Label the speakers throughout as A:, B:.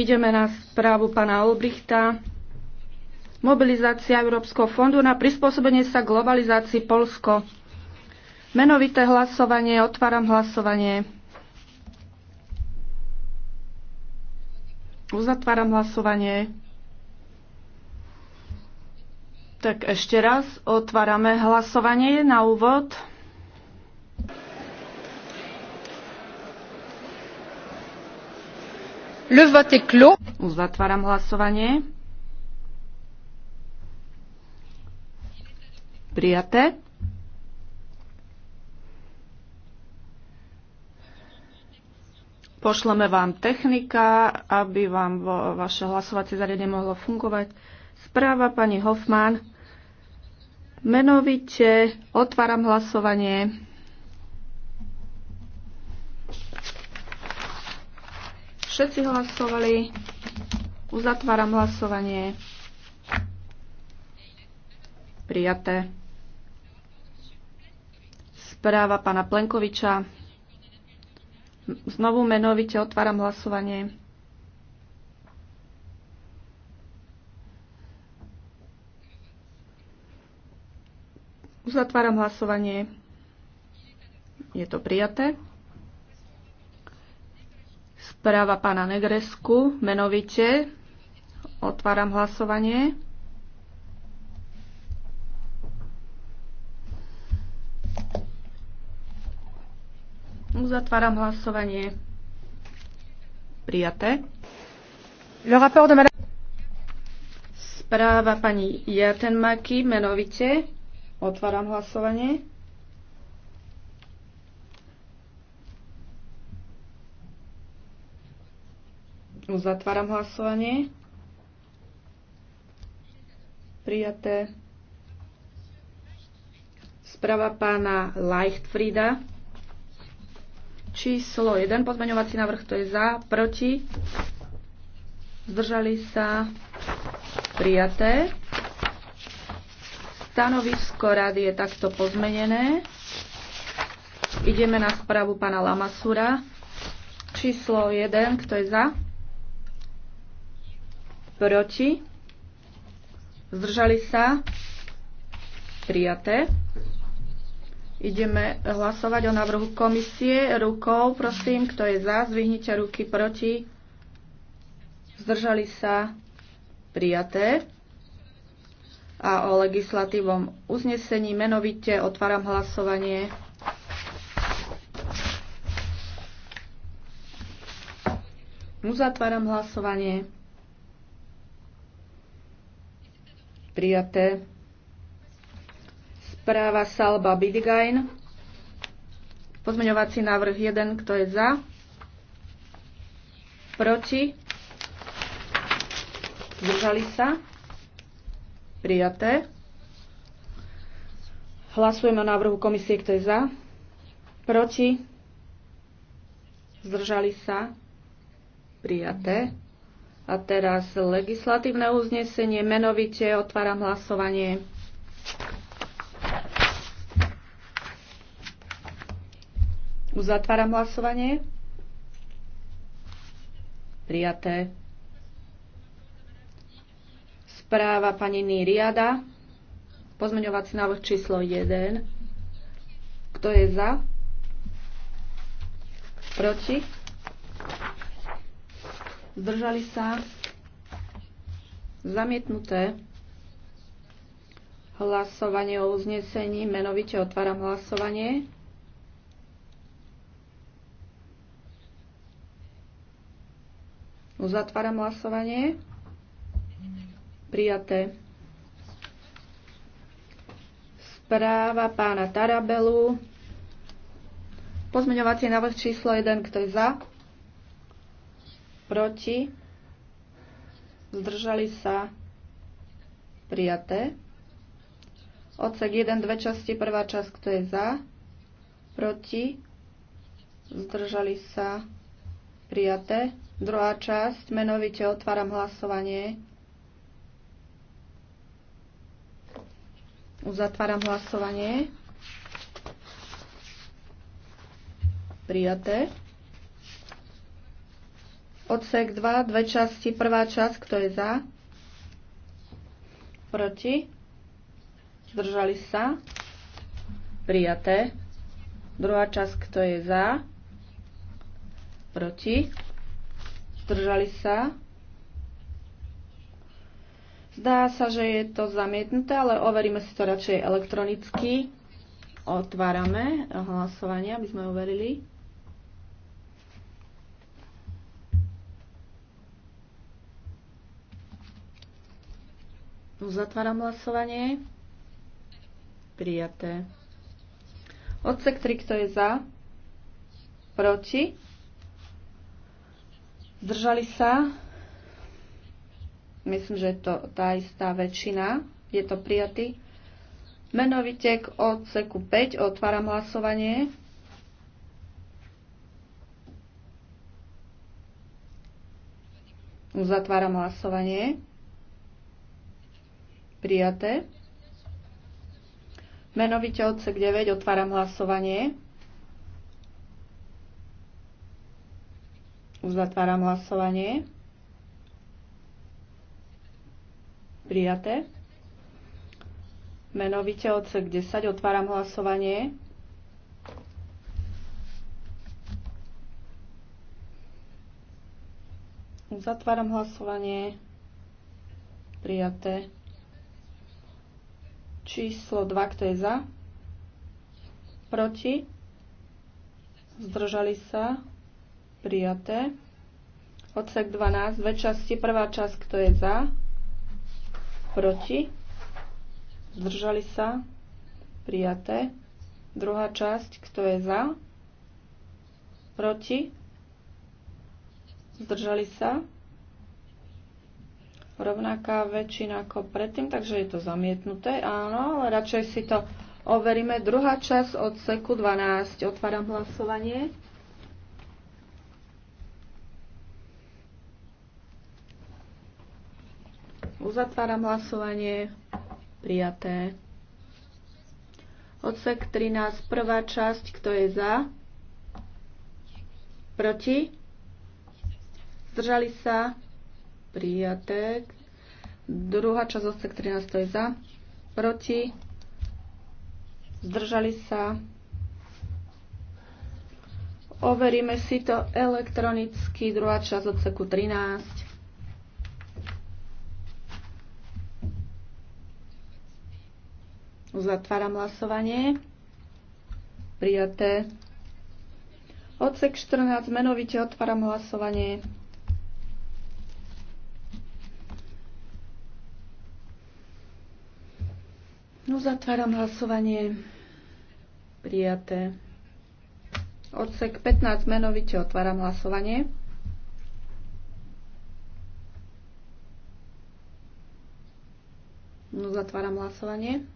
A: Ideme na správu pána Olbrichta. Mobilizácia Európskeho fondu na prispôsobenie sa globalizácii Polsko. Menovité hlasovanie. Otváram hlasovanie. Uzatváram hlasovanie. Tak ešte raz otvárame hlasovanie na úvod. Le vote est clos. Uzatváram hlasovanie. Prijaté. Pošleme vám technika, aby vám vaše hlasovacie zariadenie mohlo fungovať. Správa pani Hoffman. Menovite otváram hlasovanie. Všetci hlasovali. Uzatváram hlasovanie. Prijaté. Správa pána Plenkoviča. Znovu menovite otváram hlasovanie. Uzatváram hlasovanie. Je to prijaté správa pána Negresku, menovite. Otváram hlasovanie. Uzatváram hlasovanie. Prijaté. Le rapport de madame... Správa pani Jatenmaki, menovite. Otváram hlasovanie. Uzatváram hlasovanie. Prijaté. Správa pána Leichtfrieda. Číslo 1. Pozmeňovací návrh, to je za, proti. Zdržali sa. Prijaté. Stanovisko rady je takto pozmenené. Ideme na správu pána Lamasura. Číslo 1, kto je za? Proti? Zdržali sa? Prijaté. Ideme hlasovať o návrhu komisie. Rukou, prosím, kto je za, zvihnite ruky proti. Zdržali sa? Prijaté. A o legislatívom uznesení menovite otváram hlasovanie. Uzatváram hlasovanie. Prijaté. Správa Salba Bidigain. Pozmeňovací návrh 1. Kto je za? Proti? Zdržali sa? Prijaté. Hlasujeme o návrhu komisie. Kto je za? Proti? Zdržali sa? Prijaté. A teraz legislatívne uznesenie, menovite otváram hlasovanie. Uzatváram hlasovanie. Prijaté. Správa pani Nýriada. Pozmeňovací návrh číslo 1. Kto je za? Proti? zdržali sa, zamietnuté. Hlasovanie o uznesení, menovite otváram hlasovanie. Uzatváram hlasovanie. Prijaté. Správa pána Tarabelu. Pozmeňovacie návrh číslo 1, kto je za? proti, zdržali sa, prijaté. Odsek 1, dve časti, prvá časť, kto je za, proti, zdržali sa, prijaté. Druhá časť, menovite otváram hlasovanie. Uzatváram hlasovanie. Prijaté. Odsek 2, dve časti, prvá časť, kto je za? Proti? Zdržali sa? Prijaté. Druhá časť, kto je za? Proti? Zdržali sa? Zdá sa, že je to zamietnuté, ale overíme si to radšej elektronicky. Otvárame hlasovanie, aby sme overili. Uzatváram hlasovanie. Prijaté. Odsek 3, kto je za? Proti? Zdržali sa? Myslím, že je to tá istá väčšina. Je to prijatý. Menovite k odseku 5 otváram hlasovanie. Uzatváram hlasovanie. Prijaté. Menovite odsek 9 otváram hlasovanie. Uzatváram hlasovanie. Prijaté. Menovite odsek 10 otváram hlasovanie. Uzatváram hlasovanie. Prijaté. Číslo 2, kto je za? Proti? Zdržali sa? Prijaté. Odsek 12, dve časti. Prvá časť, kto je za? Proti? Zdržali sa? Prijaté. Druhá časť, kto je za? Proti? Zdržali sa? rovnaká väčšina ako predtým, takže je to zamietnuté. Áno, ale radšej si to overíme. Druhá časť od seku 12. Otváram hlasovanie. Uzatváram hlasovanie. Prijaté. Odsek 13, prvá časť, kto je za? Proti? Zdržali sa? prijaté. Druhá časť odsek 13 je za, proti, zdržali sa. Overíme si to elektronicky, druhá časť odseku 13. Uzatváram hlasovanie. Prijaté. Odsek 14, menovite otváram hlasovanie. Uzatváram hlasovanie. Prijaté. Odsek 15 menovite otváram hlasovanie.
B: Zatváram hlasovanie.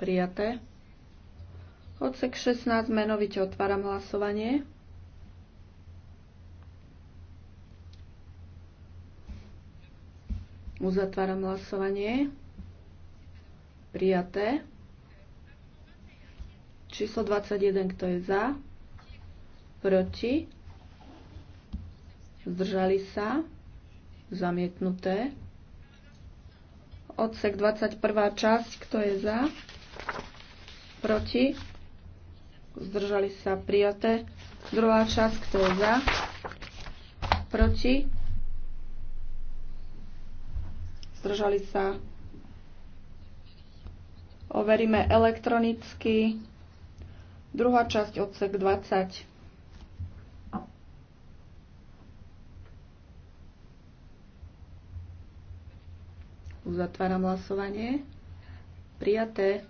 A: Prijaté. Odsek 16 menovite otváram hlasovanie. Uzatváram hlasovanie. Prijaté. Číslo 21, kto je za? Proti? Zdržali sa? Zamietnuté. Odsek 21. časť, kto je za? Proti? Zdržali sa? Prijaté. Druhá časť, kto je za? Proti? Zdržali sa? overíme elektronicky. Druhá časť odsek 20. Uzatváram hlasovanie. Prijaté.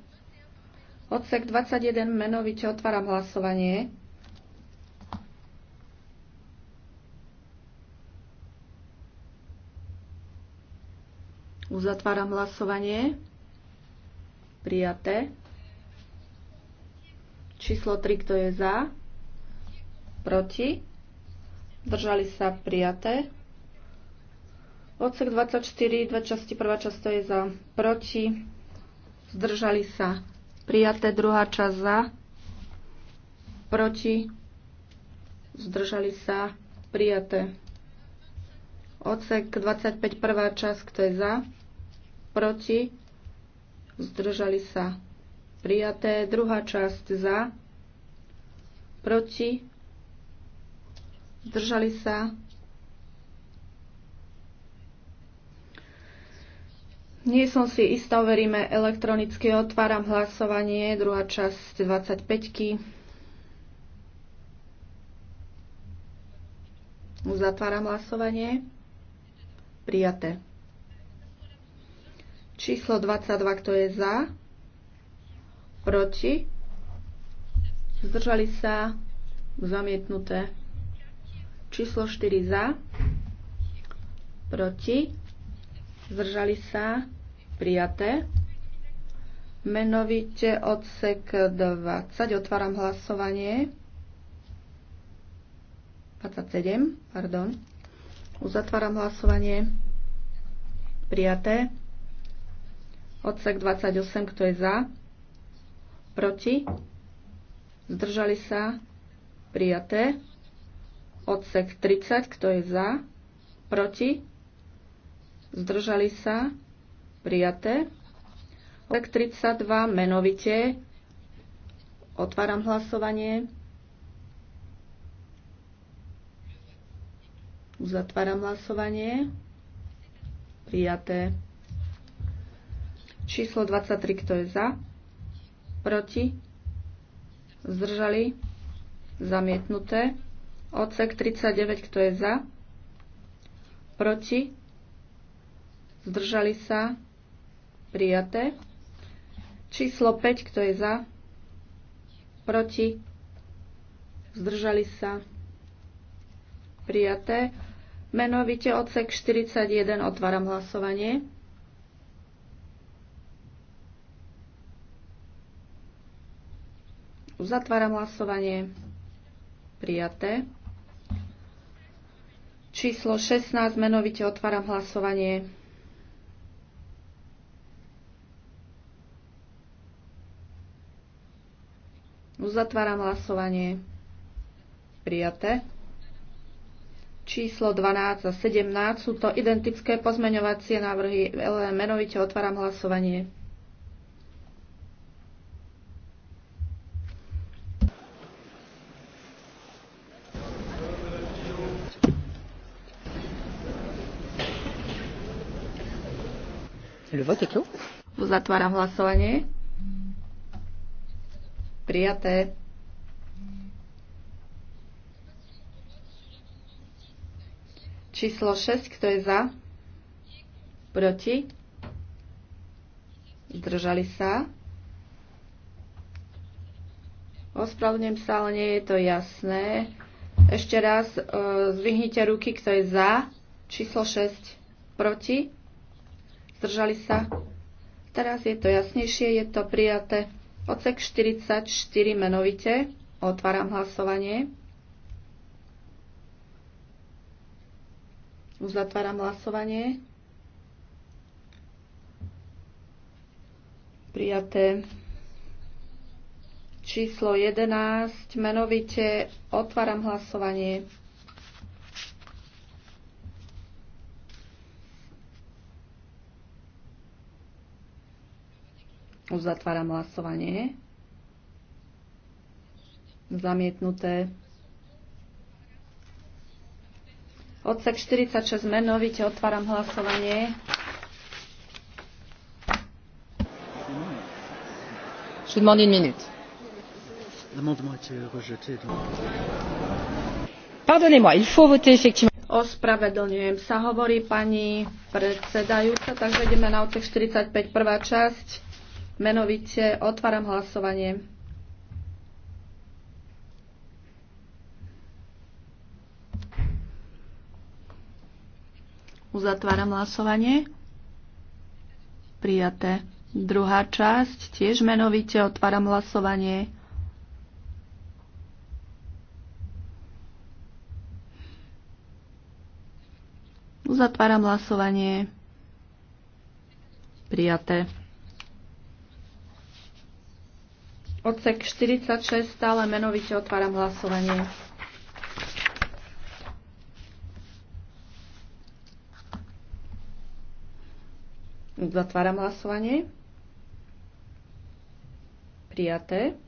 A: Odsek 21 menovite otváram hlasovanie. Uzatváram hlasovanie. Prijaté. Číslo 3, kto je za? Proti? Držali sa prijaté. Odsek 24, dve časti, prvá časť to je za, proti, zdržali sa, prijaté, druhá časť za, proti, zdržali sa, prijaté. Odsek 25, prvá časť, kto je za, proti, zdržali sa prijaté, druhá časť za, proti, zdržali sa Nie som si istá, overíme elektronicky. Otváram hlasovanie, druhá časť 25 Uzatváram hlasovanie. Prijaté. Číslo 22, kto je za? Proti? Zdržali sa? Zamietnuté. Číslo 4 za? Proti? Zdržali sa? Prijaté. Menovite odsek 20. Otváram hlasovanie. 27, pardon. Uzatváram hlasovanie. Prijaté. Odsek 28, kto je za? Proti? Zdržali sa? Prijaté. Odsek 30, kto je za? Proti? Zdržali sa? Prijaté. Odsek 32, menovite. Otváram hlasovanie. Uzatváram hlasovanie. Prijaté. Číslo 23, kto je za? Proti? Zdržali? Zamietnuté. Odsek 39, kto je za? Proti? Zdržali sa? Prijaté. Číslo 5, kto je za? Proti? Zdržali sa? Prijaté. Menovite odsek 41 otváram hlasovanie. Uzatváram hlasovanie. Prijaté. Číslo 16, menovite otváram hlasovanie. Uzatváram hlasovanie. Prijaté. Číslo 12 a 17 sú to identické pozmeňovacie návrhy. Menovite otváram hlasovanie. Uzatváram hlasovanie. Prijaté. Číslo 6, kto je za? Proti? Zdržali sa? Ospravedlňujem sa, ale nie je to jasné. Ešte raz e, zvihnite ruky, kto je za. Číslo 6, proti? zdržali sa. Teraz je to jasnejšie, je to prijaté. Odsek 44 menovite. Otváram hlasovanie. Uzatváram hlasovanie. Prijaté číslo 11. Menovite otváram hlasovanie. Uzatváram hlasovanie. Zamietnuté. Odsek 46 menovite otváram hlasovanie. Je demande une minute. L'amendement a été rejeté. Donc... Pardonnez-moi, il faut voter effectivement. Ospravedlňujem sa, hovorí pani predsedajúca, takže ideme na odsek 45, prvá časť. Menovite otváram hlasovanie. Uzatváram hlasovanie. Prijaté. Druhá časť, tiež menovite otváram hlasovanie. Uzatváram hlasovanie. Prijaté. Odsek 46 stále menovite otváram hlasovanie. Zatváram hlasovanie. Prijaté.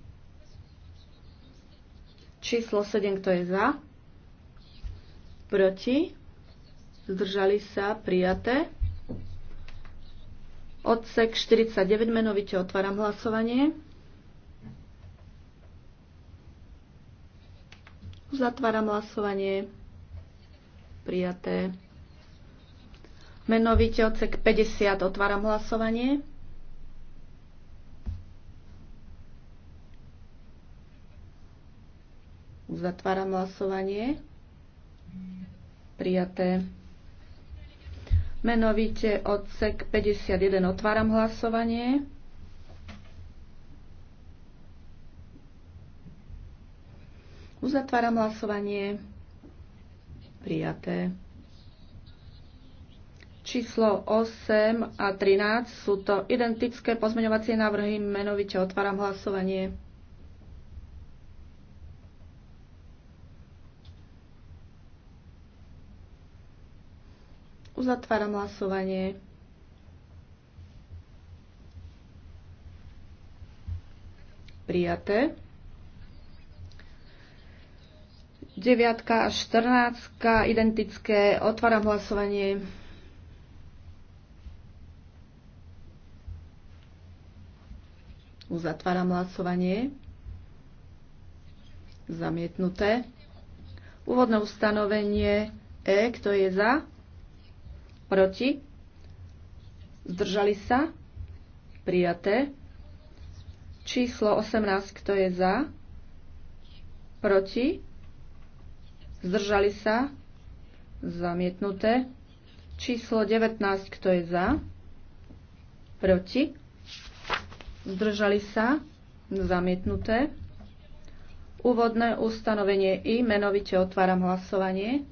A: Číslo 7, kto je za? Proti? Zdržali sa? Prijaté. Odsek 49, menovite otváram hlasovanie. Zatváram hlasovanie. Prijaté. Menovite odsek 50. Otváram hlasovanie. Zatváram hlasovanie. Prijaté. Menovite odsek 51. Otváram hlasovanie. Uzatváram hlasovanie. Prijaté. Číslo 8 a 13 sú to identické pozmeňovacie návrhy. Menovite otváram hlasovanie. Uzatváram hlasovanie. Prijaté. 9 a 14 identické. Otváram hlasovanie. Uzatváram hlasovanie. Zamietnuté. Úvodné ustanovenie E. Kto je za? Proti? Zdržali sa? Prijaté. Číslo 18. Kto je za? Proti? Zdržali sa? Zamietnuté. Číslo 19, kto je za? Proti? Zdržali sa? Zamietnuté. Úvodné ustanovenie I, menovite otváram hlasovanie.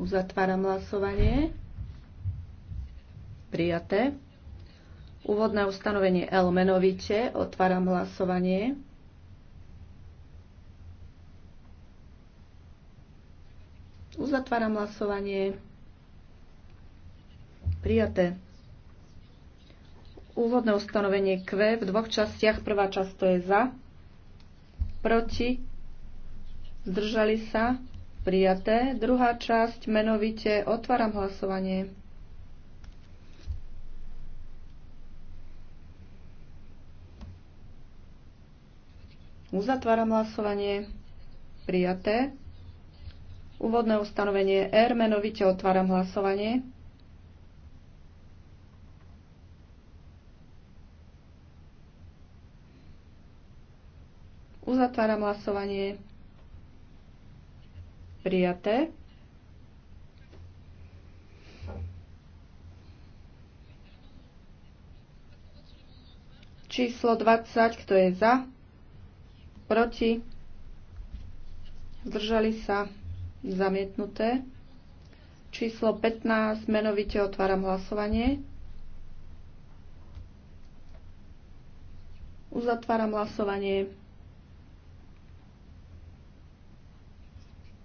A: Uzatváram hlasovanie. Prijaté. Úvodné ustanovenie L menovite. Otváram hlasovanie. Uzatváram hlasovanie. Prijaté. Úvodné ustanovenie Q v dvoch častiach. Prvá časť to je za, proti, zdržali sa, prijaté. Druhá časť menovite otváram hlasovanie. Uzatváram hlasovanie. Prijaté. Úvodné ustanovenie R. Menovite otváram hlasovanie. Uzatváram hlasovanie. Prijaté. Číslo 20, kto je za? proti, zdržali sa, zamietnuté. Číslo 15, menovite otváram hlasovanie. Uzatváram hlasovanie.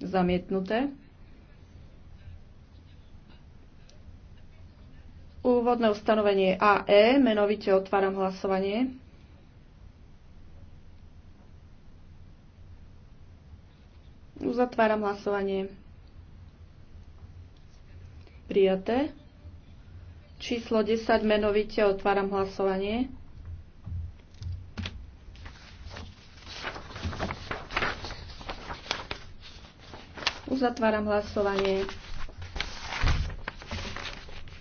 A: Zamietnuté. Úvodné ustanovenie AE, menovite otváram hlasovanie. Uzatváram hlasovanie. Prijaté. Číslo 10 menovite otváram hlasovanie. Uzatváram hlasovanie.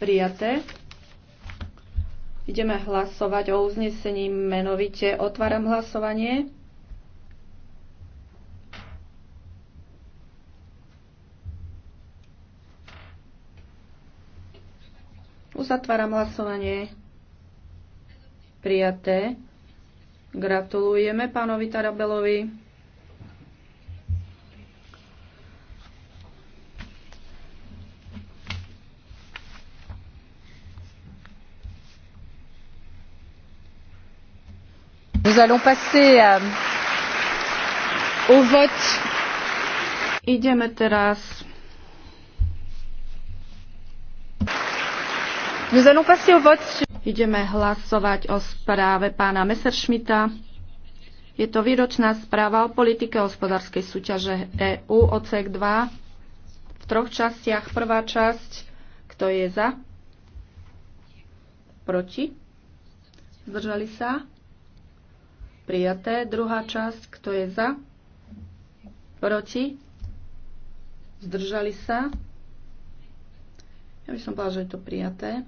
A: Prijaté. Ideme hlasovať o uznesení menovite. Otváram hlasovanie. Uzatváram hlasovanie. Prijaté. Gratulujeme pánovi Tarabelovi. Nous allons passer à, euh, au vote. Ideme teraz Ideme hlasovať o správe pána Messerschmitta. Je to výročná správa o politike hospodárskej súťaže EU, OCEK 2, v troch častiach. Prvá časť, kto je za? Proti? Zdržali sa? Prijaté. Druhá časť, kto je za? Proti? Zdržali sa? Ja by som povedala, že je to prijaté.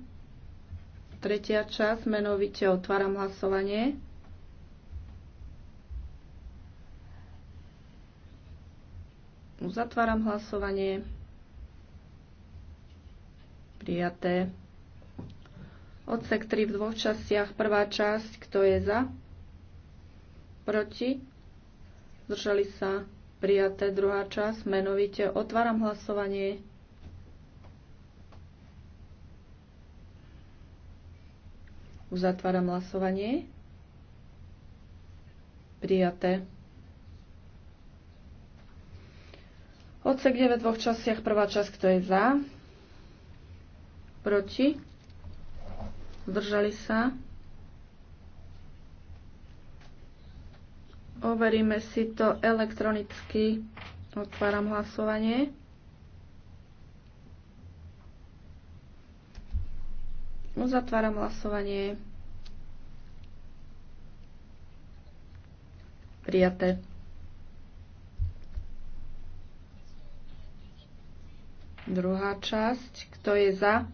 A: Tretia časť, menovite otváram hlasovanie. Uzatváram hlasovanie. Prijaté. Odsek 3 v dvoch častiach. Prvá časť, kto je za? Proti? Zdržali sa. Prijaté. Druhá časť, menovite otváram hlasovanie. Uzatváram hlasovanie. Prijaté. Odsek 9 v dvoch častiach. Prvá časť, kto je za? Proti? Zdržali sa? Overíme si to elektronicky. Otváram hlasovanie. Uzatváram hlasovanie. Prijaté. Druhá časť. Kto je za?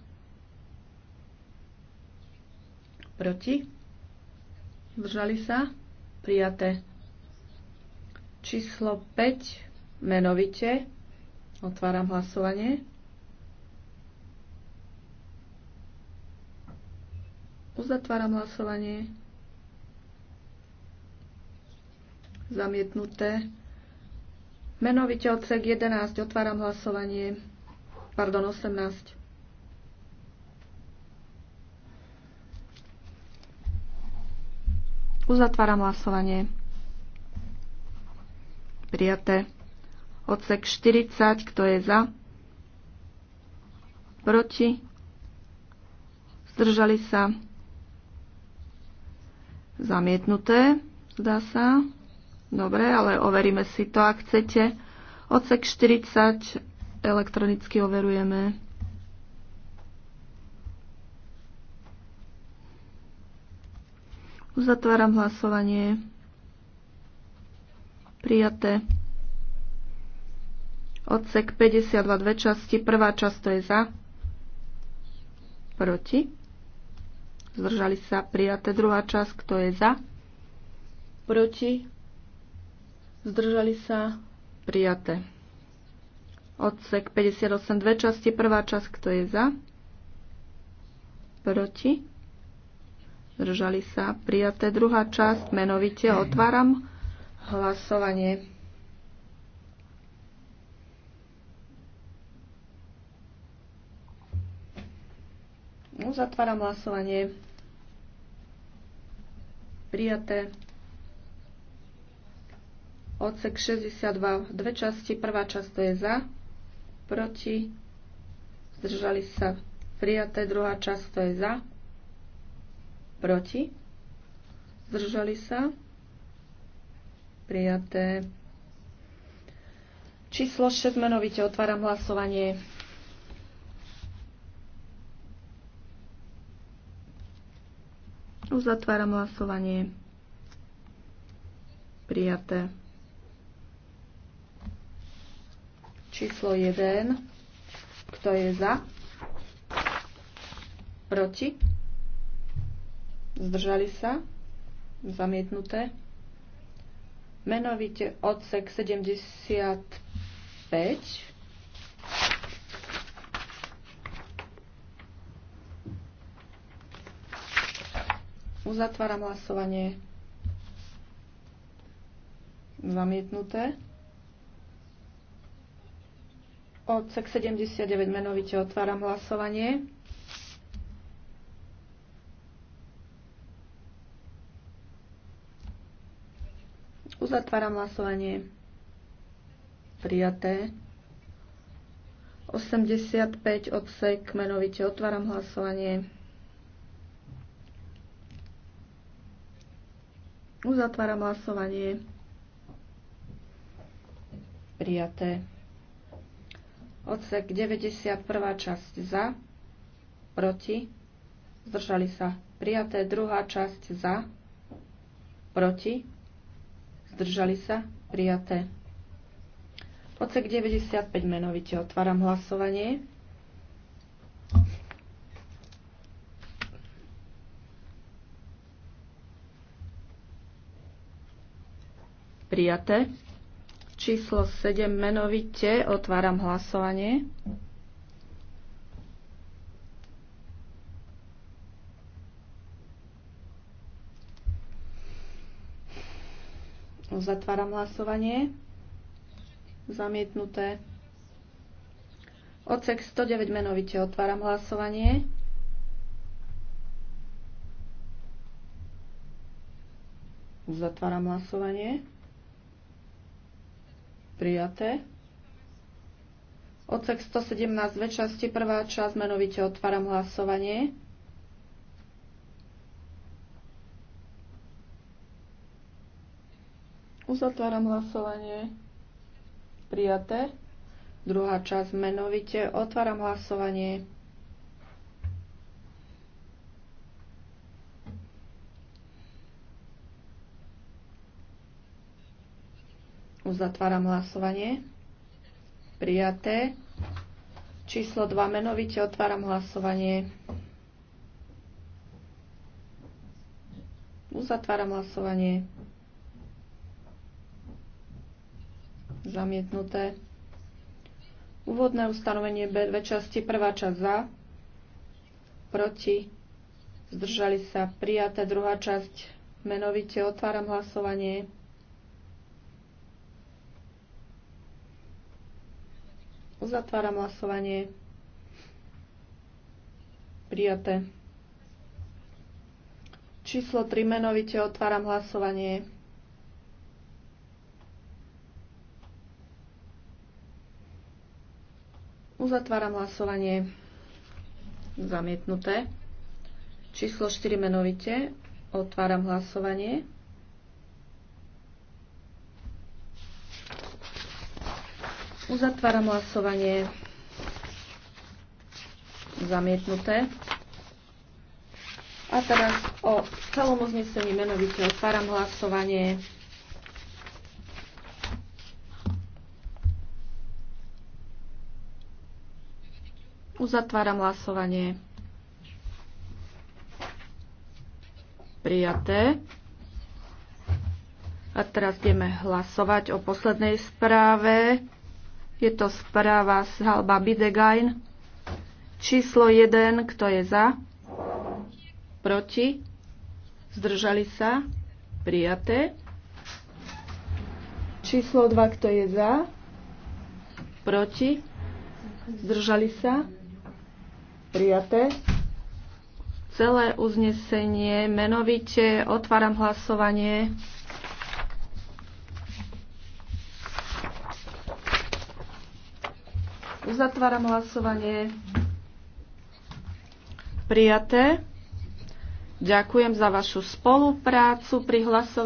A: Proti? Zdržali sa? Prijaté. Číslo 5. Menovite. Otváram hlasovanie. Uzatváram hlasovanie. Zamietnuté. Menovite odsek 11. Otváram hlasovanie. Pardon, 18. Uzatváram hlasovanie. Prijaté. Odsek 40. Kto je za? Proti? Zdržali sa? Zamietnuté, zdá sa.
B: Dobre, ale
A: overíme si to, ak chcete. Odsek 40 elektronicky overujeme. Uzatváram hlasovanie. Prijaté. Odsek 52 dve časti. Prvá časť to je za. Proti zdržali sa prijaté. Druhá časť, kto je za, proti, zdržali sa prijaté. Odsek 58, dve časti, prvá časť, kto je za, proti, zdržali sa prijaté. Druhá časť, menovite otváram hlasovanie. Uzatváram hlasovanie. Prijaté. Odsek 62, dve časti. Prvá časť to je za, proti, zdržali sa. Prijaté druhá časť to je za, proti, zdržali sa. Prijaté. Číslo 6 menovite otváram hlasovanie. Uzatváram hlasovanie. Prijaté. Číslo 1. Kto je za? Proti? Zdržali sa? Zamietnuté. Menovite odsek 75. Uzatváram hlasovanie. Zamietnuté. Odsek 79 menovite otváram hlasovanie. Uzatváram hlasovanie. Prijaté. 85 odsek menovite otváram hlasovanie. Uzatváram hlasovanie. Prijaté. Odsek 91. časť za, proti, zdržali sa. Prijaté druhá časť za, proti, zdržali sa. Prijaté. Odsek 95 menovite. Otváram hlasovanie. prijaté. Číslo 7 menovite. Otváram hlasovanie. Zatváram hlasovanie. Zamietnuté. Odsek 109 menovite. Otváram hlasovanie. Zatváram hlasovanie. Prijaté. Odsek 117, dve časti, prvá časť, menovite otváram hlasovanie. Uzatváram hlasovanie. Prijaté. Druhá časť menovite. Otváram hlasovanie. Uzatváram hlasovanie. Prijaté. Číslo 2 menovite otváram hlasovanie. Uzatváram hlasovanie. Zamietnuté. Úvodné ustanovenie B, dve časti, prvá časť za, proti, zdržali sa, prijaté, druhá časť, menovite otváram hlasovanie. Uzatváram hlasovanie. Prijaté. Číslo 3 menovite otváram hlasovanie. Uzatváram hlasovanie. Zamietnuté. Číslo 4 menovite. Otváram hlasovanie. Uzatváram hlasovanie. Zamietnuté. A teraz o celom uznesení menovite otváram hlasovanie. Uzatváram hlasovanie. Prijaté. A teraz ideme hlasovať o poslednej správe. Je to správa z Halba Bidegain. Číslo 1, kto je za? Proti? Zdržali sa? Prijaté. Číslo 2, kto je za? Proti? Zdržali sa? Prijaté. Celé uznesenie menovite. Otváram hlasovanie. Uzatváram hlasovanie. Prijaté. Ďakujem za vašu spoluprácu pri hlasovaní.